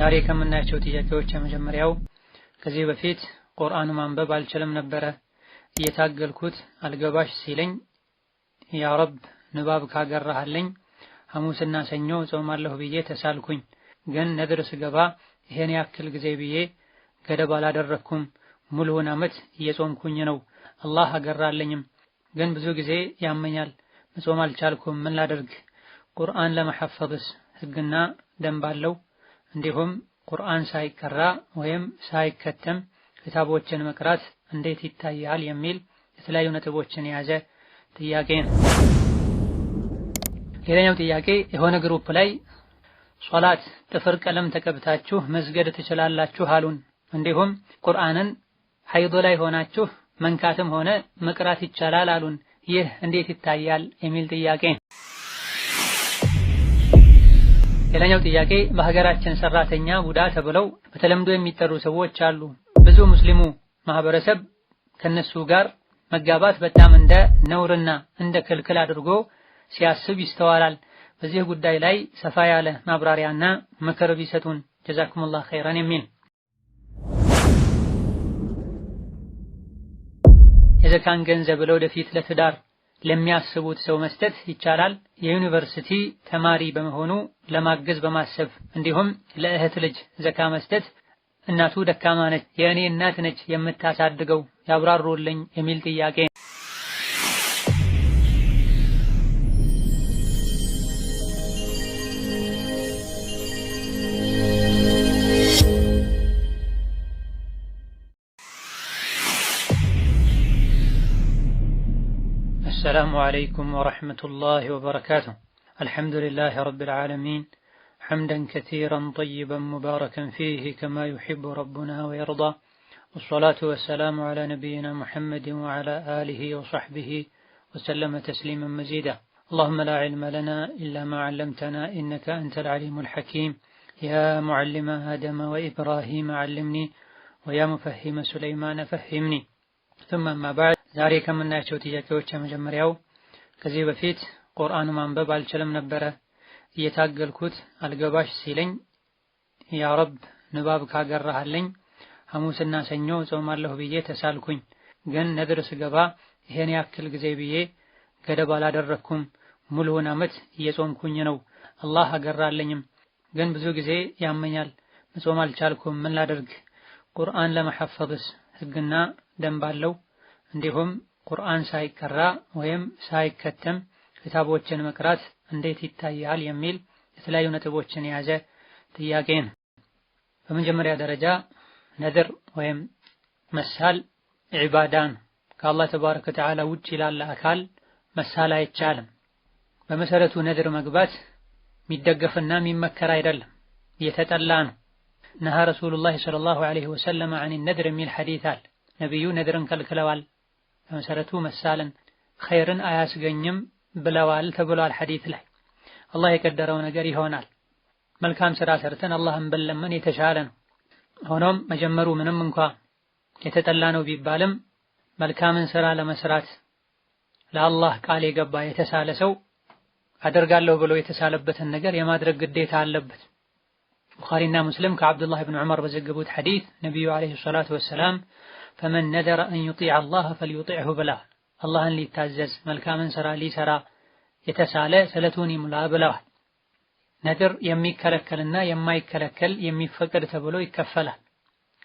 ዛሬ ከምናያቸው ጥያቄዎች የመጀመሪያው ከዚህ በፊት ቁርአኑ ማንበብ አልችልም ነበረ። እየታገልኩት አልገባሽ ሲለኝ ያ ረብ ንባብ ካገራህልኝ ሐሙስና ሰኞ ጾማለሁ ብዬ ተሳልኩኝ። ግን ነድር ስገባ ይሄን ያክል ጊዜ ብዬ ገደብ አላደረኩም። ሙሉውን ዓመት እየጾምኩኝ ነው። አላህ አገራለኝም። ግን ብዙ ጊዜ ያመኛል። መጾም አልቻልኩም። ምን ላደርግ? ቁርአን ለመሐፈዝስ ህግና ደንብ አለው? እንዲሁም ቁርአን ሳይቀራ ወይም ሳይከተም ክታቦችን መቅራት እንዴት ይታያል የሚል የተለያዩ ነጥቦችን የያዘ ጥያቄ ነው። ሌላኛው ጥያቄ የሆነ ግሩፕ ላይ ሶላት ጥፍር ቀለም ተቀብታችሁ መስገድ ትችላላችሁ አሉን። እንዲሁም ቁርአንን ሀይዶ ላይ ሆናችሁ መንካትም ሆነ መቅራት ይቻላል አሉን። ይህ እንዴት ይታያል የሚል ጥያቄ ሌላኛው ጥያቄ በሀገራችን ሰራተኛ ቡዳ ተብለው በተለምዶ የሚጠሩ ሰዎች አሉ። ብዙ ሙስሊሙ ማህበረሰብ ከነሱ ጋር መጋባት በጣም እንደ ነውርና እንደ ክልክል አድርጎ ሲያስብ ይስተዋላል። በዚህ ጉዳይ ላይ ሰፋ ያለ ማብራሪያና ምክር ቢሰጡን ጀዛኩሙላህ ኸይረን የሚል የዘካን ገንዘብ ለወደፊት ለትዳር ለሚያስቡት ሰው መስጠት ይቻላል። የዩኒቨርሲቲ ተማሪ በመሆኑ ለማገዝ በማሰብ እንዲሁም ለእህት ልጅ ዘካ መስጠት እናቱ ደካማ ነች፣ የእኔ እናት ነች የምታሳድገው ያብራሩልኝ የሚል ጥያቄ السلام عليكم ورحمة الله وبركاته الحمد لله رب العالمين حمدا كثيرا طيبا مباركا فيه كما يحب ربنا ويرضى والصلاة والسلام على نبينا محمد وعلى آله وصحبه وسلم تسليما مزيدا اللهم لا علم لنا إلا ما علمتنا إنك أنت العليم الحكيم يا معلم آدم وإبراهيم علمني ويا مفهم سليمان فهمني ثم ما بعد ዛሬ ከምናያቸው ጥያቄዎች የመጀመሪያው ከዚህ በፊት ቁርአኑ ማንበብ አልችልም ነበረ። እየታገልኩት አልገባሽ ሲለኝ ያ ረብ ንባብ ካገራሃለኝ ሐሙስና ሰኞ ጾማለሁ ብዬ ተሳልኩኝ። ግን ነድር ስገባ ይሄን ያክል ጊዜ ብዬ ገደብ አላደረኩም። ሙሉውን ዓመት እየጾምኩኝ ነው። አላህ አገራለኝም። ግን ብዙ ጊዜ ያመኛል። መጾም አልቻልኩም። ምን ላደርግ? ቁርአን ለመሐፈብስ ህግና ደንብ አለው? እንዲሁም ቁርአን ሳይቀራ ወይም ሳይከተም ክታቦችን መቅራት እንዴት ይታያል የሚል የተለያዩ ነጥቦችን የያዘ ጥያቄ ነው። በመጀመሪያ ደረጃ ነድር ወይም መሳል ዒባዳ ነው። ከአላህ ተባረከ ወተዓላ ውጭ ላለ አካል መሳል አይቻልም። በመሰረቱ ነድር መግባት የሚደገፍና የሚመከር አይደለም፣ የተጠላ ነው። ነሃ ረሱሉላህ ሰለላሁ ዐለይሂ ወሰለም አን ነድር የሚል ሐዲት አለ። ነቢዩ ነድርን ከልክለዋል። በመሰረቱ መሳልን ኸይርን አያስገኝም ብለዋል ተብሏል ሐዲት ላይ። አላህ የቀደረው ነገር ይሆናል። መልካም ስራ ሰርተን አላህን በለመን የተሻለ ነው። ሆኖም መጀመሩ ምንም እንኳ የተጠላ ነው ቢባልም መልካምን ስራ ለመስራት ለአላህ ቃል የገባ የተሳለ ሰው አደርጋለሁ ብሎ የተሳለበትን ነገር የማድረግ ግዴታ አለበት። ቡኻሪና ሙስሊም ከአብዱላህ ብን ዑመር በዘገቡት ሐዲት ነቢዩ ዓለይሂ ሰላቱ ወሰላም ፈመን ነደረ አን ዩጢዕ አላህ ፈልዩጢዕሁ ብለዋል። አላህን ሊታዘዝ መልካምን ስራ ሊሰራ የተሳለ ስለቱን ይሙላ ብለዋል። ነድር የሚከለከልና የማይከለከል የሚፈቀድ ተብሎ ይከፈላል።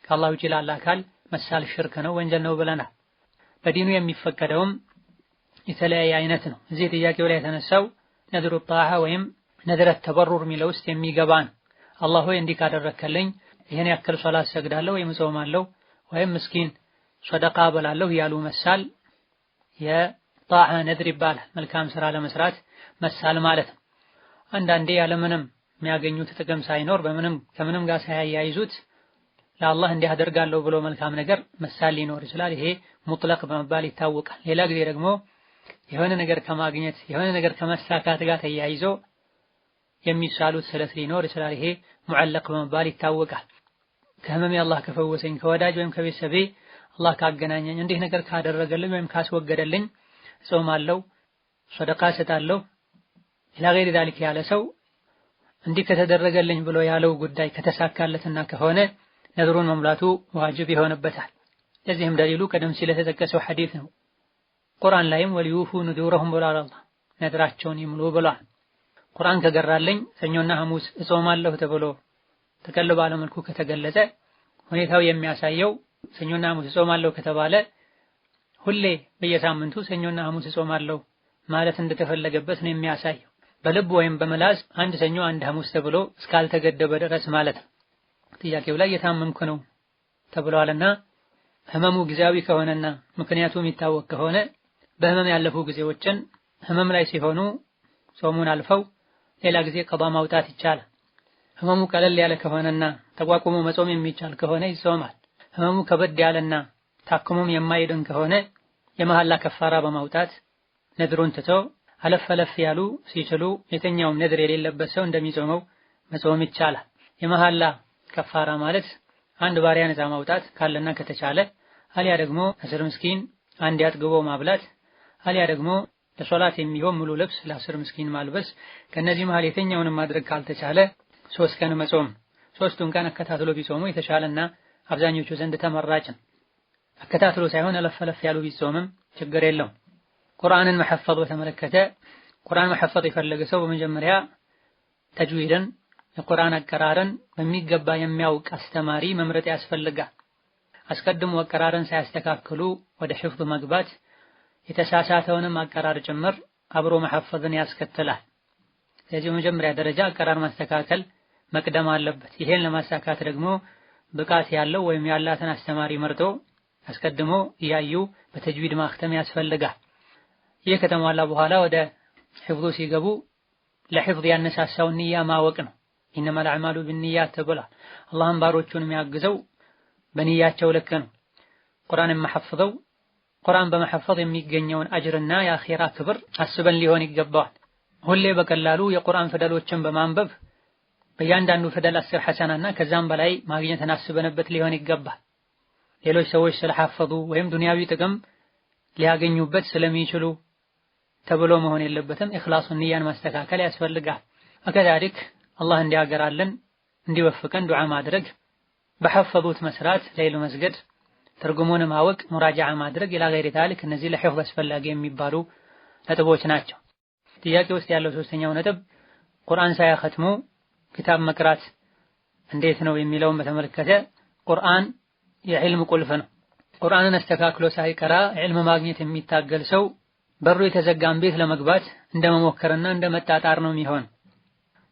ከአላህ ውጪ ላለ አካል መሳል ሽርክ ነው፣ ወንጀል ነው ብለናል። በዲኑ የሚፈቀደውም የተለያየ አይነት ነው። እዚህ ጥያቄው ላይ የተነሳው ነድሩ ጣዓ ወይም ነድረት ተበሩር የሚለው ውስጥ የሚገባ ነው። አላህ ሆይ እንዲህ ካደረከልኝ ይህን ያክል ሶላት ሰግዳለሁ ወይም እጾማለሁ ወይም ምስኪን ሰደቃ በላለሁ ያሉ መሳል የጣዓ ነድር ይባላል። መልካም ስራ ለመስራት መሳል ማለት ነው። አንዳንዴ ያለምንም የሚያገኙት ጥቅም ሳይኖር በምንም ከምንም ጋር ሳያያይዙት ለአላህ እንዲህ አደርጋለሁ ብሎ መልካም ነገር መሳል ሊኖር ይችላል። ይሄ ሙጥለቅ በመባል ይታወቃል። ሌላ ጊዜ ደግሞ የሆነ ነገር ከማግኘት የሆነ ነገር ከመሳካት ጋር ተያይዞ የሚሳሉት ስለት ሊኖር ይችላል። ይሄ ሙዓለቅ በመባል ይታወቃል። ከህመሜ አላህ ከፈወሰኝ ከወዳጅ ወይም ከቤተሰቤ አላህ ካገናኘኝ እንዲህ ነገር ካደረገልኝ ወይም ካስወገደልኝ ጾማለሁ፣ ሰደቃ ሰጣለሁ ኢላ ገይሪ ዳሊክ ያለ ሰው እንዲህ ከተደረገልኝ ብሎ ያለው ጉዳይ ከተሳካለትና ከሆነ ነድሩን መሙላቱ ዋጅብ ይሆንበታል። ለዚህም ደሊሉ ቀደም ሲል የተጠቀሰው ሐዲስ ነው። ቁርአን ላይም ወልዩፉ ኑዱረሁም ብሏል። አላህ ነድራቸውን ይምሉ ብሏል። ቁርአን ከገራለኝ ሰኞና ሐሙስ እጾማለሁ ተብሎ ተቀልብ ባለ ከተገለጸ ሁኔታው የሚያሳየው ሰኞና ሐሙስ እጾማለሁ ከተባለ ሁሌ በየሳምንቱ ሰኞና ሐሙስ እጾማለሁ ማለት እንደተፈለገበት ነው የሚያሳየው። በልብ ወይም በመላስ አንድ ሰኞ አንድ ሐሙስ ተብሎ እስካልተገደበ ድረስ ማለት ነው። ጥያቄው ላይ የታመምኩ ነው ተብሏልና ህመሙ ጊዜያዊ ከሆነና ምክንያቱ የሚታወቅ ከሆነ በህመም ያለፉ ጊዜዎችን ህመም ላይ ሲሆኑ ጾሙን አልፈው ሌላ ጊዜ ቀባ ማውጣት ይቻላል። ህመሙ ቀለል ያለ ከሆነና ተቋቁሞ መጾም የሚቻል ከሆነ ይጾማል። ህመሙ ከበድ ያለና ታክሞም የማይድን ከሆነ የመሐላ ከፋራ በማውጣት ነድሩን ትተው አለፍ አለፍ ያሉ ሲችሉ የተኛውም ነድር የሌለበት ሰው እንደሚጾመው መጾም ይቻላል። የመሐላ ከፋራ ማለት አንድ ባሪያ ነፃ ማውጣት ካለና ከተቻለ አሊያ ደግሞ አስር ምስኪን አንድ ያጥግቦ ማብላት አሊያ ደግሞ ለሶላት የሚሆን ሙሉ ልብስ ለአስር ምስኪን ማልበስ ከነዚህ መሃል የተኛውንም ማድረግ ካልተቻለ ሶስት ቀን መጾም ሶስቱን ቀን አከታትሎ ቢጾሙ የተሻለና አብዛኞቹ ዘንድ ተመራጭ ነው። አከታትሎ ሳይሆን እለፍ እለፍ ያሉ ቢጾምም ችግር የለውም። ቁርአንን መሐፈዝ በተመለከተ ቁርአን መሐፈዝ የፈለገ ሰው በመጀመሪያ ተጅዊድን የቁርአን አቀራረን በሚገባ የሚያውቅ አስተማሪ መምረጥ ያስፈልጋል። አስቀድሞ አቀራረን ሳያስተካክሉ ወደ ሕፍዝ መግባት የተሳሳተውንም አቀራር ጭምር አብሮ መሐፈዝን ያስከትላል። ስለዚህ በመጀመሪያ ደረጃ አቀራር ማስተካከል መቅደም አለበት። ይሄን ለማሳካት ደግሞ ብቃት ያለው ወይም ያላትን አስተማሪ መርጦ አስቀድሞ እያዩ በተጅዊድ ማክተም ያስፈልጋል። ይህ ከተሟላ በኋላ ወደ ሒፍዙ ሲገቡ ለሒፍዝ ያነሳሳው ንያ ማወቅ ነው። ኢነማል አዕማሉ ቢንያት ተብሏል። አላህም ባሮቹን የሚያግዘው በንያቸው ልክ ነው። ቁርአን የማሐፍዘው ቁርአን በመሐፈዝ የሚገኘውን አጅርና የአኼራ ክብር አስበን ሊሆን ይገባዋል። ሁሌ በቀላሉ የቁርአን ፊደሎችን በማንበብ በእያንዳንዱ ፊደል አስር ሐሰናና ከዛም በላይ ማግኘት እናስበንበት ሊሆን ይገባል። ሌሎች ሰዎች ስለሐፈዙ ወይም ዱንያዊ ጥቅም ሊያገኙበት ስለሚችሉ ተብሎ መሆን የለበትም። ኢኽላሱን ንያን ማስተካከል ያስፈልጋል። ከዛሊክ አላህ እንዲያገራለን እንዲወፍቀን ዱዓ ማድረግ፣ በሐፈዙት መስራት፣ ሌይል መስገድ፣ ትርጉሙን ማወቅ፣ ሙራጃዓ ማድረግ ኢላ ገይሪ ታሊክ እነዚህ ለሕፍዝ አስፈላጊ የሚባሉ ነጥቦች ናቸው። ጥያቄ ውስጥ ያለው ሶስተኛው ነጥብ ቁርአን ሳያኸትሙ ኪታብ መቅራት እንዴት ነው የሚለውን በተመለከተ ቁርአን የዕልም ቁልፍ ነው። ቁርአንን አስተካክሎ ሳይቀራ ዕልም ማግኘት የሚታገል ሰው በሩ የተዘጋን ቤት ለመግባት እንደመሞከርና እንደመጣጣር ነው የሚሆን።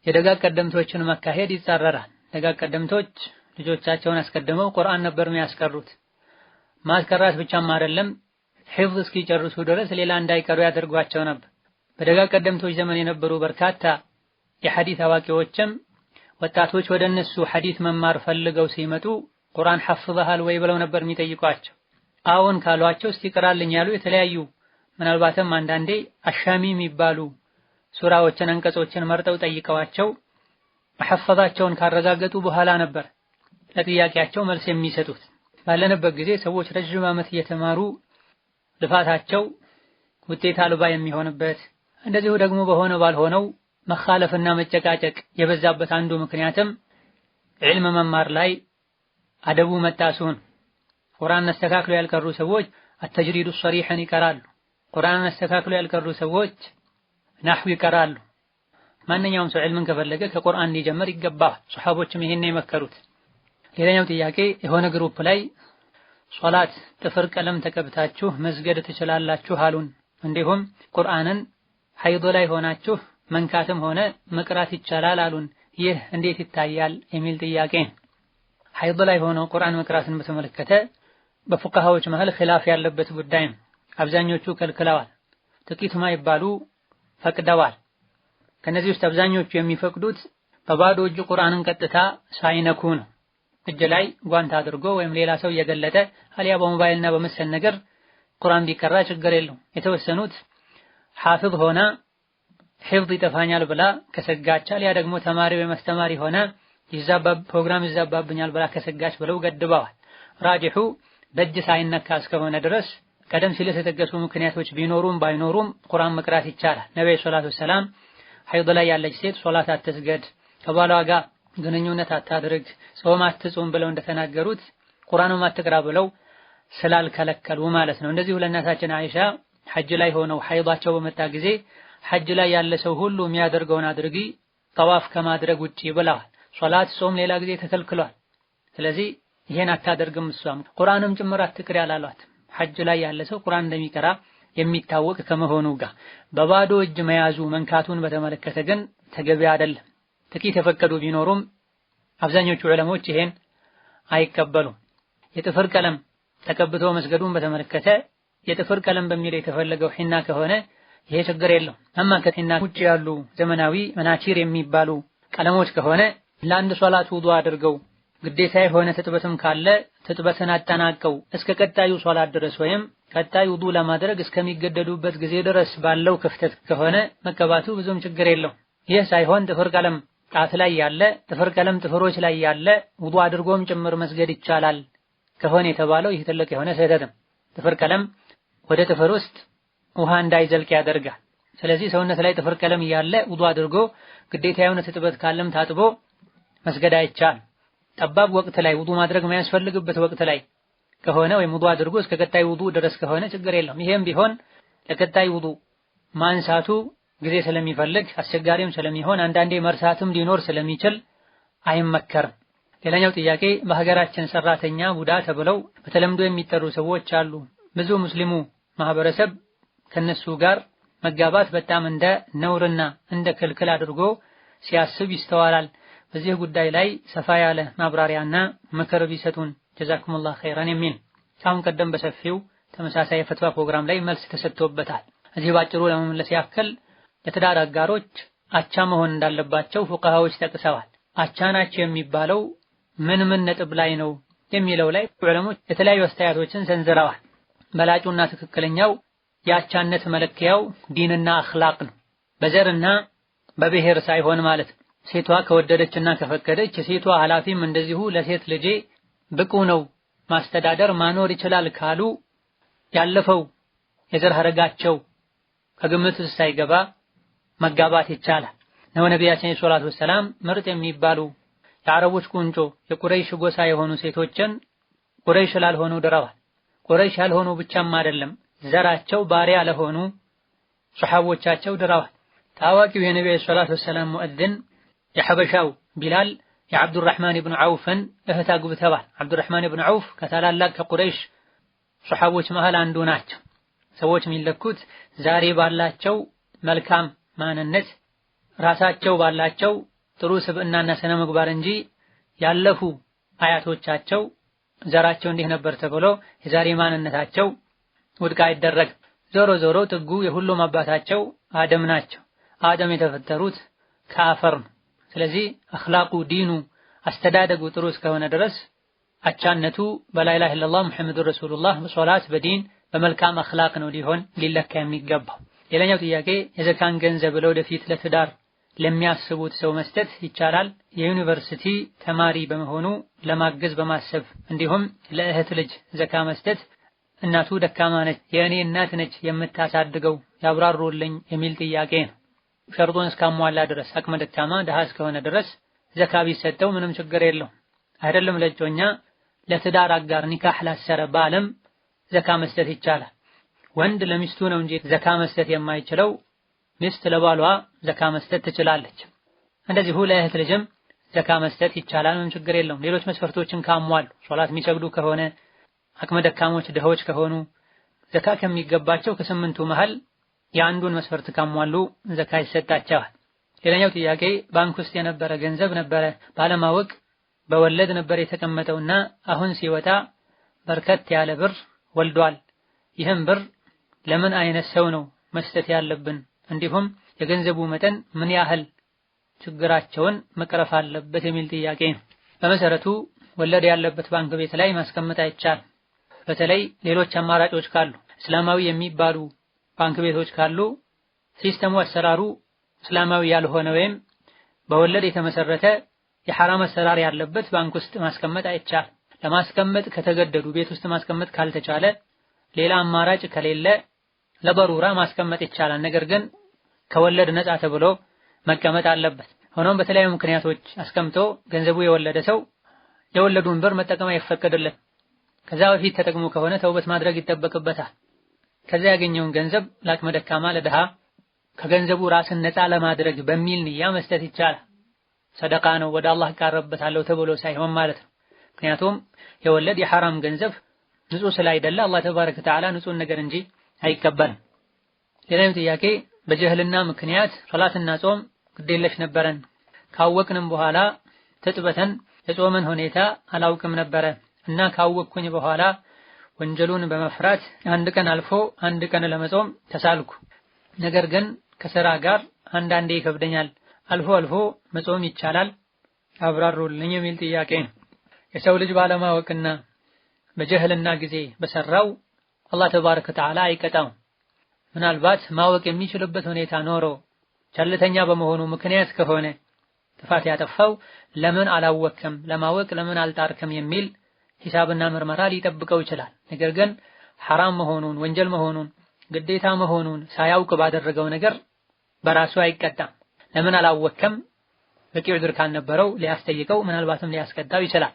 የደጋ ቀደምቶችን መካሄድ ይጻረራል። ደጋ ቀደምቶች ልጆቻቸውን አስቀድመው ቁርአን ነበር የሚያስቀሩት። ማስቀራት ብቻም አይደለም ሒፍዝ እስኪጨርሱ ድረስ ሌላ እንዳይቀሩ ያደርጓቸው ነበር። በደጋ ቀደምቶች ዘመን የነበሩ በርካታ የሐዲት አዋቂዎችም ወጣቶች ወደ እነሱ ሐዲት መማር ፈልገው ሲመጡ ቁርአን ሐፍዘሃል ወይ ብለው ነበር የሚጠይቋቸው። አዎን ካሏቸው እስቲ ቅራልኝ ያሉ የተለያዩ ምናልባትም አንዳንዴ አሻሚ የሚባሉ ሱራዎችን አንቀጾችን መርጠው ጠይቀዋቸው መሐፈዛቸውን ካረጋገጡ በኋላ ነበር ለጥያቄያቸው መልስ የሚሰጡት። ባለንበት ጊዜ ሰዎች ረዥም ዓመት እየተማሩ ልፋታቸው ውጤት አልባ የሚሆንበት እንደዚሁ ደግሞ በሆነ ባልሆነው መኻለፍና መጨቃጨቅ የበዛበት አንዱ ምክንያትም ዕልም መማር ላይ አደቡ መጣሱን ቁርአን አስተካክሎ ያልቀሩ ሰዎች አተጅሪዱ ሰሪሕን ይቀራሉ። ቁርአን አስተካክሎ ያልቀሩ ሰዎች ናሕው ይቀራሉ። ማንኛውም ሰው ዕልምን ከፈለገ ከቁርአን እንዲጀምር ይገባ ሶሐቦችም ይሄን የመከሩት። ሌላኛው ጥያቄ የሆነ ግሩፕ ላይ ሶላት ጥፍር ቀለም ተቀብታችሁ መስገድ ትችላላችሁ አሉን። እንዲሁም ቁርአንን ሐይዶ ላይ ሆናችሁ መንካትም ሆነ መቅራት ይቻላል አሉን። ይህ እንዴት ይታያል የሚል ጥያቄ። ሐይድ ላይ ሆኖ ቁርአን መቅራትን በተመለከተ በፉቃሃዎች መሃል ኺላፍ ያለበት ጉዳይ ነው። አብዛኞቹ ከልክለዋል፣ ጥቂት ማይባሉ ፈቅደዋል። ከነዚህ ውስጥ አብዛኞቹ የሚፈቅዱት በባዶ እጅ ቁርአንን ቀጥታ ሳይነኩ ነው። እጅ ላይ ጓንት አድርጎ ወይም ሌላ ሰው እየገለጠ አሊያ በሞባይልና በመሰል ነገር ቁርአን ቢቀራ ችግር የለው። የተወሰኑት ሐፊዝ ሆና ሒፍዝ ይጠፋኛል ብላ ከሰጋቻ ያ ደግሞ ተማሪ በማስተማር የሆነ ፕሮግራም ይዛባብኛል ብላ ከሰጋች ብለው ገድበዋል። ራጅሑ በእጅ ሳይነካ እስከሆነ ድረስ ቀደም ሲል የተጠቀሱ ምክንያቶች ቢኖሩም ባይኖሩም ቁርአን መቅራት ይቻላል። ነብዩ ሰለላሁ ዐለይሂ ሐይድ ላይ ያለች ሴት ሶላት አትስገድ፣ ከባሏ ጋር ግንኙነት አታድርግ፣ ጾም አትጾም ብለው እንደተናገሩት ቁርአኑም አትቅራ ብለው ስላልከለከሉ ማለት ነው። እንደዚሁ ለእናታችን አይሻ ሐጅ ላይ ሆነው ሐይዳቸው በመጣ ጊዜ ሐጅ ላይ ያለ ሰው ሁሉ የሚያደርገውን አድርጊ ጠዋፍ ከማድረግ ውጪ ብለዋል። ሶላት፣ ጾም ሌላ ጊዜ ተከልክሏል። ስለዚህ ይሄን አታደርግም። እሷም ቁርአንም ጭምር አትቅሪ አላሏት። ሐጅ ላይ ያለ ሰው ቁርአን እንደሚቀራ የሚታወቅ ከመሆኑ ጋር በባዶ እጅ መያዙ መንካቱን በተመለከተ ግን ተገቢ አይደለም። ጥቂት የፈቀዱ ቢኖሩም አብዛኞቹ ዑለሞች ይሄን አይቀበሉም። የጥፍር ቀለም ተቀብቶ መስገዱን በተመለከተ የጥፍር ቀለም በሚል የተፈለገው ሒና ከሆነ ይሄ ችግር የለው። አማ ከቴና ውጭ ያሉ ዘመናዊ መናቺር የሚባሉ ቀለሞች ከሆነ ለአንድ ሶላት ውዱ አድርገው ግዴታ የሆነ ትጥበትም ካለ ትጥበትን አጠናቀው እስከ ቀጣዩ ሶላት ድረስ ወይም ቀጣይ ውዱ ለማድረግ እስከሚገደዱበት ጊዜ ድረስ ባለው ክፍተት ከሆነ መቀባቱ ብዙም ችግር የለው። ይህ ሳይሆን ጥፍር ቀለም ጣት ላይ ያለ ጥፍር ቀለም ጥፍሮች ላይ ያለ ውዱ አድርጎም ጭምር መስገድ ይቻላል ከሆነ የተባለው ይህ ትልቅ የሆነ ስህተትም ጥፍር ቀለም ወደ ጥፍር ውስጥ ውሃ እንዳይዘልቅ ያደርጋል። ስለዚህ ሰውነት ላይ ጥፍር ቀለም እያለ ውዱ አድርጎ ግዴታ የሆነ እጥበት ካለም ታጥቦ መስገድ አይቻል። ጠባብ ወቅት ላይ ውዱ ማድረግ የማያስፈልግበት ወቅት ላይ ከሆነ ወይም ውዱ አድርጎ እስከ ቀጣይ ውዱ ድረስ ከሆነ ችግር የለም። ይሄም ቢሆን ለቀጣይ ውዱ ማንሳቱ ጊዜ ስለሚፈልግ አስቸጋሪም ስለሚሆን አንዳንዴ መርሳትም ሊኖር ስለሚችል አይመከርም። ሌላኛው ጥያቄ በሀገራችን ሰራተኛ ቡዳ ተብለው በተለምዶ የሚጠሩ ሰዎች አሉ። ብዙ ሙስሊሙ ማህበረሰብ ከነሱ ጋር መጋባት በጣም እንደ ነውርና እንደ ክልክል አድርጎ ሲያስብ ይስተዋላል። በዚህ ጉዳይ ላይ ሰፋ ያለ ማብራሪያና ምክር ቢሰጡን ጀዛኩሙላህ ኸይራን የሚል ካሁን ቀደም በሰፊው ተመሳሳይ የፈትዋ ፕሮግራም ላይ መልስ ተሰጥቶበታል። እዚህ ባጭሩ ለመመለስ ያክል የትዳር አጋሮች አቻ መሆን እንዳለባቸው ፉቃሃዎች ጠቅሰዋል። አቻ ናቸው የሚባለው ምን ምን ነጥብ ላይ ነው የሚለው ላይ ዑለሞች የተለያዩ አስተያየቶችን ሰንዝረዋል። በላጩና ትክክለኛው የአቻነት መለኪያው ዲንና አኽላቅ ነው። በዘርና በብሔር ሳይሆን ማለት ነው። ሴቷ ከወደደችና ከፈቀደች ሴቷ ኃላፊም እንደዚሁ ለሴት ልጄ ብቁ ነው ማስተዳደር ማኖር ይችላል ካሉ ያለፈው የዘር ሀረጋቸው ከግምት ሳይገባ መጋባት ይቻላል ነው። ነቢያችን ሰለላሁ ዐለይሂ ወሰለም ምርጥ የሚባሉ የአረቦች ቁንጮ የቁረይሽ ጎሳ የሆኑ ሴቶችን ቁረይሽ ላልሆኑ ድረዋል። ቁረይሽ ያልሆኑ ብቻም አይደለም ዘራቸው ባሪያ ለሆኑ ሶሐቦቻቸው ድረዋል። ታዋቂው የነቢዩ ሰላቱ ወሰላም ሙእዝን የሐበሻው ቢላል የአብዱራህማን ብን ዐውፍን እህት አግብተዋል። አብዱራህማን ብን ዐውፍ ከታላላቅ ከቁረይሽ ሶሐቦች መሃል አንዱ ናቸው። ሰዎች የሚለኩት ዛሬ ባላቸው መልካም ማንነት ራሳቸው ባላቸው ጥሩ ስብዕናና ስነ ምግባር እንጂ ያለፉ አያቶቻቸው ዘራቸው እንዲህ ነበር ተብሎ የዛሬ ማንነታቸው ውድቅ አይደረግም። ዞሮ ዞሮ ጥጉ የሁሉም አባታቸው አደም ናቸው። አደም የተፈጠሩት ከአፈር ነው። ስለዚህ አኽላቁ፣ ዲኑ፣ አስተዳደጉ ጥሩ እስከሆነ ድረስ አቻነቱ በላይላህ ኢላላህ ሙሐመዱን ረሱሉላህ በሶላት በዲን በመልካም አኽላቅ ነው ሊሆን ሊለካ የሚገባው። ሌላኛው ጥያቄ የዘካን ገንዘብ ለወደፊት ለትዳር ለሚያስቡት ሰው መስጠት ይቻላል? የዩኒቨርሲቲ ተማሪ በመሆኑ ለማገዝ በማሰብ እንዲሁም ለእህት ልጅ ዘካ መስጠት እናቱ ደካማ ነች፣ የእኔ እናት ነች የምታሳድገው ያብራሩልኝ የሚል ጥያቄ ነው። ሸርጦን እስካሟላ ድረስ አቅመ ደካማ ድሃ እስከሆነ ድረስ ዘካ ቢሰጠው ምንም ችግር የለው። አይደለም ለእጮኛ ለትዳር አጋር ኒካህ ላሰረ ባለም ዘካ መስጠት ይቻላል። ወንድ ለሚስቱ ነው እንጂ ዘካ መስጠት የማይችለው ሚስት ለባሏ ዘካ መስጠት ትችላለች። እንደዚሁ ለእህት ልጅም ዘካ መስጠት ይቻላል፣ ምንም ችግር የለውም። ሌሎች መስፈርቶችን ካሟሉ ሶላት የሚሰግዱ ከሆነ አቅመ ደካሞች ድሆች ከሆኑ ዘካ ከሚገባቸው ከስምንቱ መሃል የአንዱን መስፈርት ካሟሉ ዘካ ይሰጣቸዋል። ሌላኛው ጥያቄ ባንክ ውስጥ የነበረ ገንዘብ ነበረ ባለማወቅ በወለድ ነበር የተቀመጠውና አሁን ሲወጣ በርከት ያለ ብር ወልዷል። ይህም ብር ለምን አይነት ሰው ነው መስጠት ያለብን? እንዲሁም የገንዘቡ መጠን ምን ያህል ችግራቸውን መቅረፍ አለበት የሚል ጥያቄ ነው። በመሰረቱ ወለድ ያለበት ባንክ ቤት ላይ ማስቀመጥ ይቻላል? በተለይ ሌሎች አማራጮች ካሉ እስላማዊ የሚባሉ ባንክ ቤቶች ካሉ ሲስተሙ አሰራሩ እስላማዊ ያልሆነ ወይም በወለድ የተመሰረተ የሐራም አሰራር ያለበት ባንክ ውስጥ ማስቀመጥ አይቻል። ለማስቀመጥ ከተገደዱ ቤት ውስጥ ማስቀመጥ ካልተቻለ ሌላ አማራጭ ከሌለ ለበሩራ ማስቀመጥ ይቻላል። ነገር ግን ከወለድ ነፃ ተብሎ መቀመጥ አለበት። ሆኖም በተለያዩ ምክንያቶች አስቀምጦ ገንዘቡ የወለደ ሰው የወለዱን ብር መጠቀም አይፈቀድለት። ከዛ በፊት ተጠቅሞ ከሆነ ተውበት ማድረግ ይጠበቅበታል። ከዛ ያገኘውን ገንዘብ ለአቅመ ደካማ፣ ለድሃ ከገንዘቡ ራስን ነፃ ለማድረግ በሚል ንያ መስጠት ይቻላል። ሰደቃ ነው ወደ አላህ እቃረብበታለሁ ተብሎ ሳይሆን ማለት ነው። ምክንያቱም የወለድ የሐራም ገንዘብ ንጹህ ስላይደለ አላህ ተባረከ ወተዓላ ንጹህን ነገር እንጂ አይቀበልም። ሌላኛው ጥያቄ በጀህልና ምክንያት ሶላትና ጾም ግዴለሽ ነበረን። ካወቅንም በኋላ ትጥበተን የጾመን ሁኔታ አላውቅም ነበረ እና ካወቅኩኝ በኋላ ወንጀሉን በመፍራት አንድ ቀን አልፎ አንድ ቀን ለመጾም ተሳልኩ። ነገር ግን ከሥራ ጋር አንዳንዴ ይከብደኛል። አልፎ አልፎ መጾም ይቻላል? አብራሩልኝ የሚል ጥያቄ ነው። የሰው ልጅ ባለማወቅና በጀህልና ጊዜ በሰራው አላህ ተባረከ ወተዓላ አይቀጣም። ምናልባት ማወቅ የሚችልበት ሁኔታ ኖሮ ቸልተኛ በመሆኑ ምክንያት ከሆነ ጥፋት ያጠፋው ለምን አላወቅም፣ ለማወቅ ለምን አልጣርክም የሚል ሂሳብና ምርመራ ሊጠብቀው ይችላል። ነገር ግን ሐራም መሆኑን ወንጀል መሆኑን ግዴታ መሆኑን ሳያውቅ ባደረገው ነገር በራሱ አይቀጣም። ለምን አላወከም? በቂ ዑድር ካልነበረው ሊያስጠይቀው ምናልባትም ሊያስቀጣው ይችላል።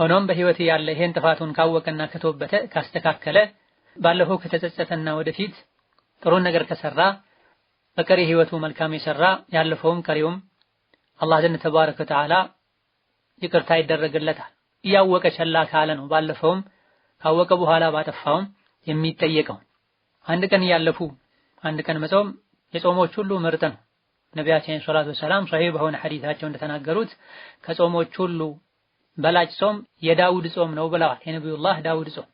ሆኖም በህይወት ያለ ይሄን ጥፋቱን ካወቀና ከተወበተ ካስተካከለ ባለፈው ከተጸጸተና ወደፊት ጥሩን ነገር ከሰራ በቀሪ ህይወቱ መልካም የሰራ ያለፈውም ቀሪውም አላህ ዘንድ ተባረከ ወተዓላ ይቅርታ ይደረግለታል። እያወቀ ቸላ ካለ ነው ባለፈውም ካወቀ በኋላ ባጠፋውም የሚጠየቀው። አንድ ቀን እያለፉ አንድ ቀን መጾም የጾሞች ሁሉ ምርጥ ነው። ነቢያችን ሰለላሁ ወሰላም ወሰለም በሆነ ሐዲታቸው እንደተናገሩት ከጾሞች ሁሉ በላጭ ጾም የዳውድ ጾም ነው ብለዋል። የነቢዩላህ ዳውድ ጾም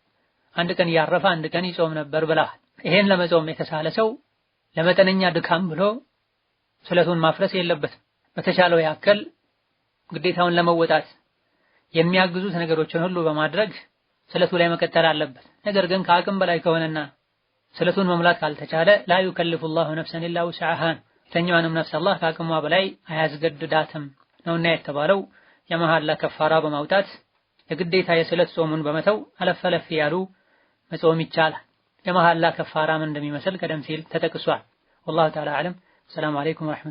አንድ ቀን እያረፈ አንድ ቀን ይጾም ነበር ብለዋል። ይሄን ለመጾም የተሳለ ሰው ለመጠነኛ ድካም ብሎ ስለቱን ማፍረስ የለበትም። በተቻለው ያክል ግዴታውን ለመወጣት የሚያግዙት ነገሮችን ሁሉ በማድረግ ስለቱ ላይ መቀጠል አለበት። ነገር ግን ከአቅም በላይ ከሆነና ስለቱን መሙላት ካልተቻለ لا يكلف الله نفسا الا وسعها የተኛዋንም ነፍስ አላህ ከአቅሟ በላይ አያስገድዳትም ነውና የተባለው የመሐላ ከፋራ በማውጣት የግዴታ የስለት ጾሙን በመተው አለፈለፍ ያሉ መጾም ይቻላል። የመሐላ ከፋራ ምን እንደሚመስል ቀደም ሲል ተጠቅሷል። ወላሁ ተዓላ አለም። ሰላም عليكم ورحمة